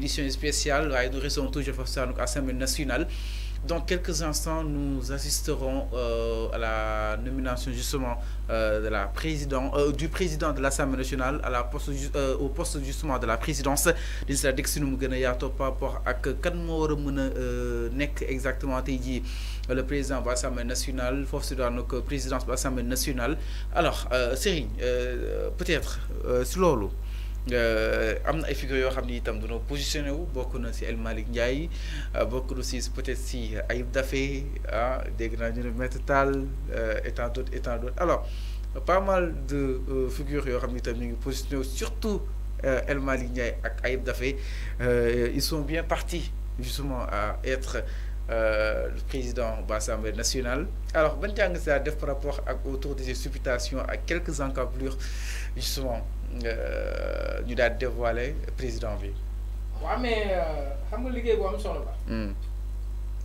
édition spéciale waaye nous restons toujours face à l'Assemblée nationale dans quelques instants nous assisterons euh, à la nomination justement euh, de la président euh, du président de l'Assemblée nationale à la poste euh, au poste justement de la présidence de la dégg si nous par rapport à kan moo euh, exactement le président de l'Assemblée nationale foofu de la présidence de l'Assemblée nationale alors Serine, peut-être si loolu. Euh, am na ay figures yo xamni ni do no positionné wu bokk na ci El malik Ndiaye euh, bokk na peut-être ci Ayib dafé ah dégg naa ñu tal état euh, et tant d'autres alors pas mal de figures yoo xam ni itam ñu ngi surtout El malik Ndiaye ak Ayib Daffé ils sont bien partis justement à être le président de l'Assemblée nationale. Alors, Ben Tiang, ça a par rapport autour des supputations à quelques encablures, justement, euh, ñu daal dévoilé dévoiler président bi. waaw mais euh, xam nga liggéey bu am solo la. Hmm.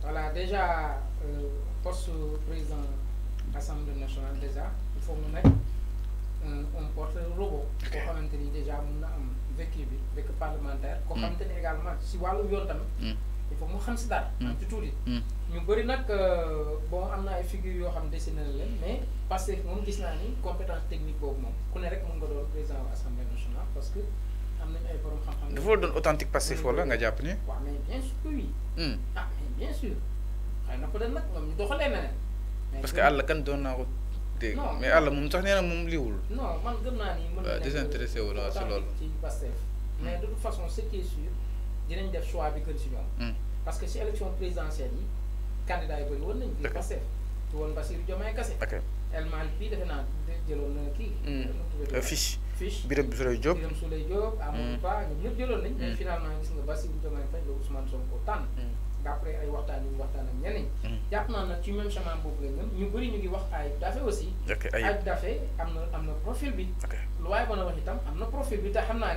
voilà déjà euh, poste président assemblée nationale déjà il faut mu nekk un porte robot. koo xamante ni déjà mun na am vécu bi vécu parlementaire. koo hmm. xamante ni également si wàllu yoon tamit. Hmm. il faut mu xam si dara. Mm. am ci tuuti. Mm. ñu bëri nag euh, bon am na ay figures yoo xam dessiné na leen mais parce que moom gis naa ni compétence technique boobu moom ku ne rek mën nga doon président wu assemblée nationale parce que am nañu ay borom xam-xam. dafa doon authentique passif mm. wala nga jàpp ni. waaw mais bien sûr ah, na peut-être nag doxalee na leen. parce que àll kan doon naa ko dégg. mais àll moom sax nee na moom liiwul. non man gëm naa ni. mën désintéressé wu la si loolu. mais de toute façon ce dinañ def choix bi gën parce que si élection présidentielle yi candidat yi bëri woon nañu. dëgg la Pastef du woon Bassirou Diomaye Kassé. ok El Malick bii naa jëloon na kii. Hmm. Euh, fiche fiche Birame bi Diop Birame Souleye Diop. Amadou hmm. Ba ñoom ñëpp jëloon nañ. mais hmm. finalement gis nga Bassirou Diomaye Faye la Ousmane tànn. d'après ay waxtaan yu waxtaan ak ñeneen. jàpp naa nag ci même chemin boobu la ñu ñu bëri ñu ngi wax Ayib Daffé aussi. ok Ayib am na am na profil bi. ok lu waaye mën a wax itam am na profil bi te xam naa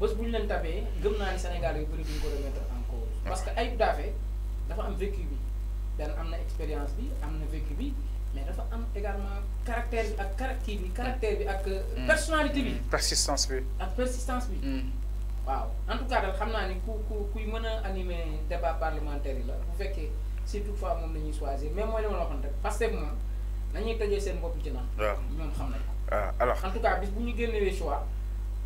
bés bu ñu leen ni Sénégal remettre en cause parce que vécu bi ben, expérience vécu mais dafa am également caractère caractère caractère euh, mm. personnalité mm. persistance bi persistance mm. en tout cas ni débat parlementaire la bu si toutefois choisir mais parce que alors en tout cas bis le choix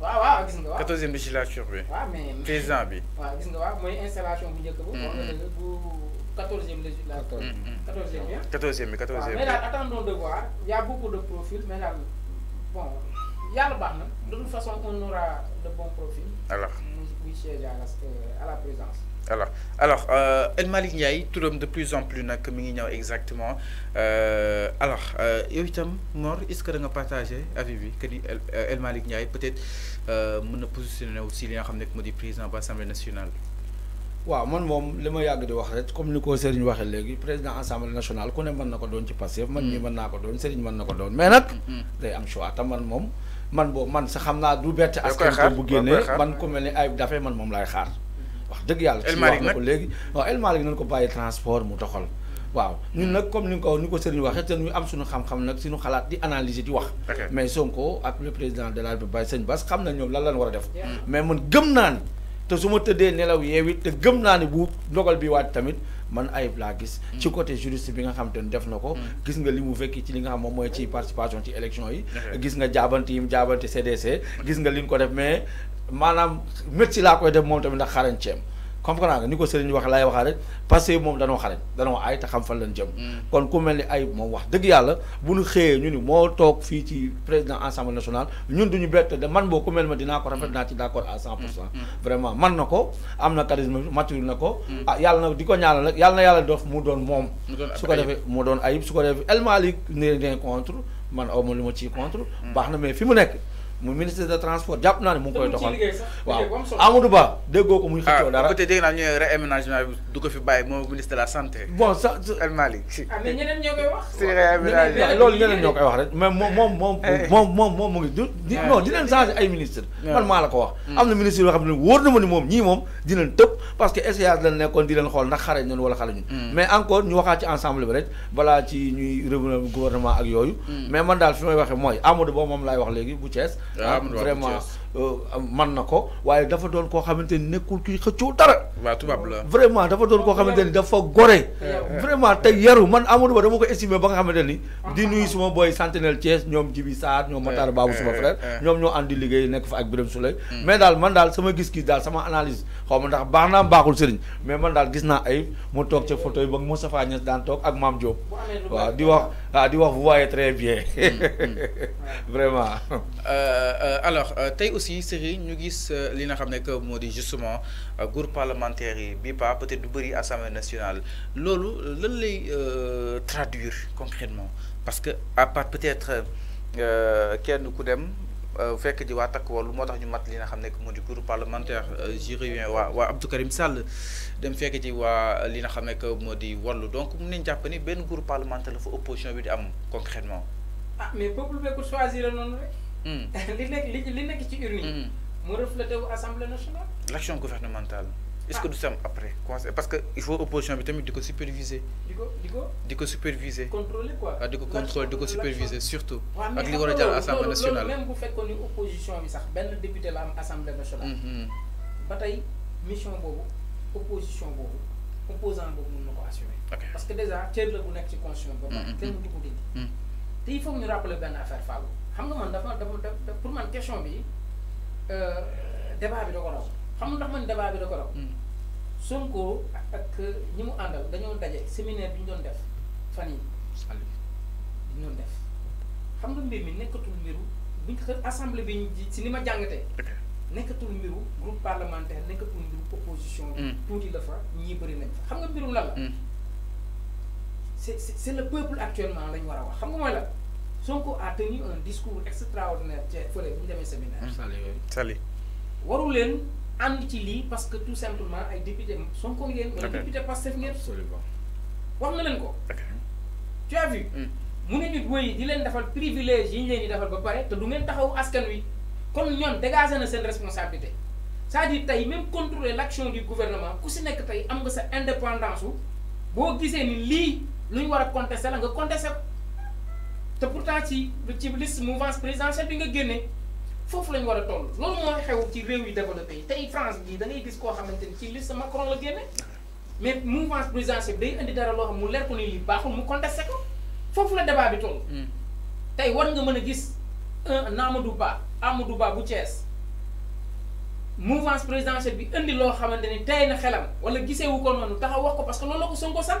14e législature. Oui, mais. 13 ans. Oui, installation. 14e mm-hmm. législature. 14e. 14e. 14e. Mais là, attendons de voir. Il y a beaucoup de profils. Mais là, bon, il y a le bas. De toute façon, on aura de bons profils. Alors. Oui, euh, à la présence alors alors euh, El tout le monde de plus en plus nag mi ngi exactement. exactement euh, alors euh, yow itam Mor est-ce que da nga partagé avis bi que El Malik Ndiaye peut-être euh, na positionné aussi li nga xam ne moo président de l'Assemblée nationale. waaw man mom li ma yàgg di wax rek comme ni ko Serigne waxee léegi président assemblée nationale ko ne man mm. nako ko ci passé man ni man nako ko Serigne man nako ko mais nak mm-hmm. day am choix te man moom man bo man sa xamna du bette askan bu génnee man ko melni ay ayib man mom lay xaar. wax dëgg yàlla. El Malick nag ko léegi waaw ko bàyyi transport mu doxal. waaw ñun nag comme ni nga ko ni ko sëriñ waxee te ñu am suñu xam-xam nag suñu xalaat di analyser di wax. mais Sonko ak le président de la République sëñ Bass xam na ñoom lan lañ war a def. Hmm. mais man gëm naa ni te su ma tëddee nelaw yeewit te gëm naa ni bu ndogal bi waat tamit man ayib laa gis. Hmm. ci côté juriste bi nga xam te ne def na ko. Hmm. gis nga li mu fekki ci li nga xam moom mooy ci participation ci élection yi. gis nga jaabante yi mu jaabante CDC. gis nga li ko def mais. maanaam métti laa koy def moom tamit ndax xarañ ceem comprendre nga ni ko sëriñ wax laay waxaa rek parce que moom danoo xarañ danoo ay te xam fan lañ jëm mm. kon ku mel ni ay moom wax dëgg yàlla bu ñu xëyee ñu ni moo toog fii ci président assemblée national ñun du duñu bett de man boo ku mel ma dinaa ko rafet mm. naa ci d'accord à cent pour cent mm. vraiment man na ko am na charisme mature na ko ah yàlla na di ko ñaana nag yàlla na yàlla def mu doon moom su ko defee mu doon ayib ko defee El Malick ne rien contre man aw baax na mais fi mu nekk mu ministre de transport jàpp naa ne mu koy doxal waaw Amadou Ba déggoo ko muy xëccoo ah, dara peut-être ko fi bàyyi moom ministre de la santé bon ça ah, loolu ñeneen ñoo koy wax rek mais moom moom moom eh. moom moom moom mu ngi du ah. non dinañ changé ay ministre man maa la ko wax hmm. am na ministre yoo xam ne wóor na ma ni moom ñii moom dinañ tëb parce que essayage lañ nekkoon di leen xool ndax xare ñun wala xare ñun hmm. mais encore ñu waxaat ci ensemble bi rek balaa ci ñuy gouvernement ak yooyu hmm. mais man daal fi may waxee mooy Amadou Ba laay wax léegi bu Thiès Ah, vraiment. Euh, man na ko waaye dafa doon koo xamante ni nekkul kuy xëccoo dara. waaw tubaab la vraiment dafa doon koo xamante ni dafa gore. vraiment te yaru man Amadou Ba dama ko estimé ba nga xamante ni. di nuyu suma booy Sentinelle Thiès ñoom Jibi Sarr ñoom Matar Babou suma eh, frère. Eh, eh. ñoom ñoo àndi liggéey nekk fa ak Birame Souley. Hmm. mais daal man daal sama gis-gis daal sama analyse xaw ma ndax baax naa baaxul sëriñ mais man daal gis naa ay mu toog ca photo yi ba Moustapha Niasse daan toog ak Mame Diop. waaw di wax waaw di wax vous voyez très bien. Hmm, hmm. vraiment. Euh, euh, alors tey aussi série ñu gis euh, li nga xamné que modi justement euh, groupe parlementaire bi pas peut-être du bëri assemblée nationale lolu lan lay euh, traduire concrètement parce que à part peut-être kenn ku dem fekk ji waa takk wàllu motax ñu mat li nga xamné que modi groupe parlementaire je reviens wa wa Abdou Karim Sall dem fekk ji wa li nga xam que modi di donc mu nañ japp ni ben groupe parlementaire la fa opposition bi di am concrètement ah mais peuple bi choisir noonu rek Mm. li nekk li li nekk ci urne yi. Mm. mu reflété wu assemblée nationale. l' action gouvernementale. est ce ah. que du sam après parce que il faut opposition bi tamit di ko superviser. di ko di ko di ko superviser. contrôler quoi ah, di ko contrôler di ko superviser surtout. ak li war a jàll assemblée nationale même bu fekkoon ni opposition bi sax benn député la am assemblée nationale. Mm-hmm. ba tey mission boobu opposition boobu opposition boobu mun na ko assumer. parce que déjà cër la bu nekk ci constitution ba pare. Mm-hmm. kenn du ko dindi. Mm-hmm. te foog faut ñu rappeler benn affaire Fallou xam nga man dafa dafa pour man question bi euh, débat bi da ko raw xam nga ndax man débat bi da ko raw. Hmm. Sonko ak ñi mu àndal dañoo daje séminaire bi ñu doon def fan yi bi ñu def xam nga mbir mi nekkatul mbiru bu ñu ko assemblée bi ñu ci ni ma jàngatee. nekkatul mbiru groupe parlementaire nekkatul mbiru opposition. Hmm. tuuti la fa ñii bëri nañ fa xam nga mbiru lan la. Hmm. c'est c'est le peuple actuellement lañu war a wax xam nga mooy la Sonko a tenu un discours extraordinaire ca fële bu ñu demee séminaire. Mmh. Saly waru leen ànd ci parce que tout simplement ay député Sonko les députés député Pastef ngeen. wax na ko. tu as vu. Mmh. mune nit woy di len defal privilège yi ñu leen di defal ba paré te du ngeen taxaw askan wi kon ñoom dégager na sen responsabilité ça. à dire tey même contrôler l'action du gouvernement ku si nekk am nga sa indépendance bo gisé ni li lu ñu war a contesté la nga contesté ko te pourtant ci ci liste mouvance présidentielle bi nga génne foofu la ñu war a toll loolu moo xew ci réew yu développé yi tey France bii dangay gis koo xamante ni ci liste Macron la génne mais mouvance présidentielle bi day indi dara loo xam mu lekku ko ni lii baaxul mu contesté ko foofu la débat bi toll. Hmm. tey war nga mën a gis un Amadou Ba Amadou Ba bu Thiès mouvance présidentielle bi indi loo xamante ni tey na xelam wal gisee wu ko noonu taxaw wax ko parce que loolu la ko Sonko sant.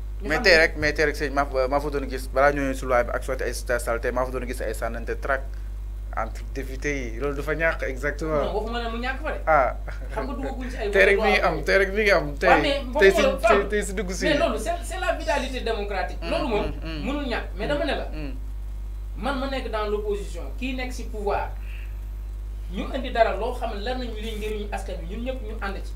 mais tey rek mais tey rek sëñ maa maa fa doon gis balaa ñooñu suluwaay bi ak ay sal tey maa fa gis ay sànnante track entre député yi loolu dafa ñàkk exactement. non waxuma ne mu ñàkk fa de. ah xam nga duggaguñ ci ay. tey rek mi ngi am tey rek mi ngi am. tey tey loolu c'est la vitalité démocratique. Mm, loolu moom mm, mm. mënul ñàkk mais dama ne la. man ma nekk dans l'opposition kii nekk si pouvoir ñu indi dara loo xam ne lan lañu liy njëriñu askan bi ñun ñëpp ñu ànd ci.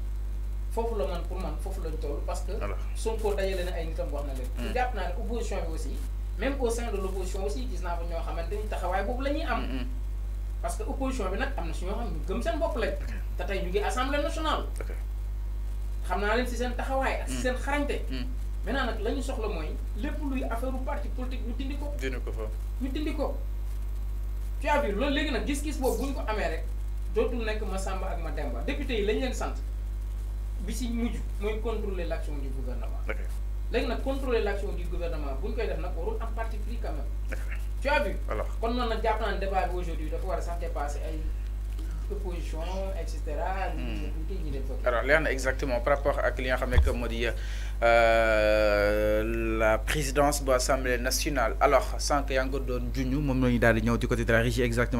fofu la man pour man fofu lañ toll parce que son ko dajale na ay nitam wax na leen ci hmm. japp naa ne opposition bi aussi même au sein de l' opposition aussi gis naa fa ñoo xamante ni taxawaay boobu la ñuy am hmm, hmm. parce que opposition bi nag am na si ñoo xam ñu gëm seen bopp lañ te tey ñu ngi assemblée nationale xam naa leen si seen taxawaay ak si seen xarañte maintenant nag la ñu soxla mooy lépp luy affaire parti politique ñu dindi ko dindi ko fa ñu dindi ko tu as vu loolu léegi nag gis-gis boobu bu ñu ko amee rek dootul nekk ma Samba ak ma Demba député yi lañ leen sant bi si moy contrôler l'action du gouvernement. légui nak contrôler l'action du gouvernement buñ koy def nak warul am particulier tu as vu. kon non nak japp un débat bi aujourd'hui dafa wara a passé ay opposition et cetera. Hmm. alors Léon exactement par rapport à li que l'on ne que euh, la présidence de l'Assemblée nationale alors sans que ngi ko du juñu moom la ñu di ñëw du côté de la régie exactement.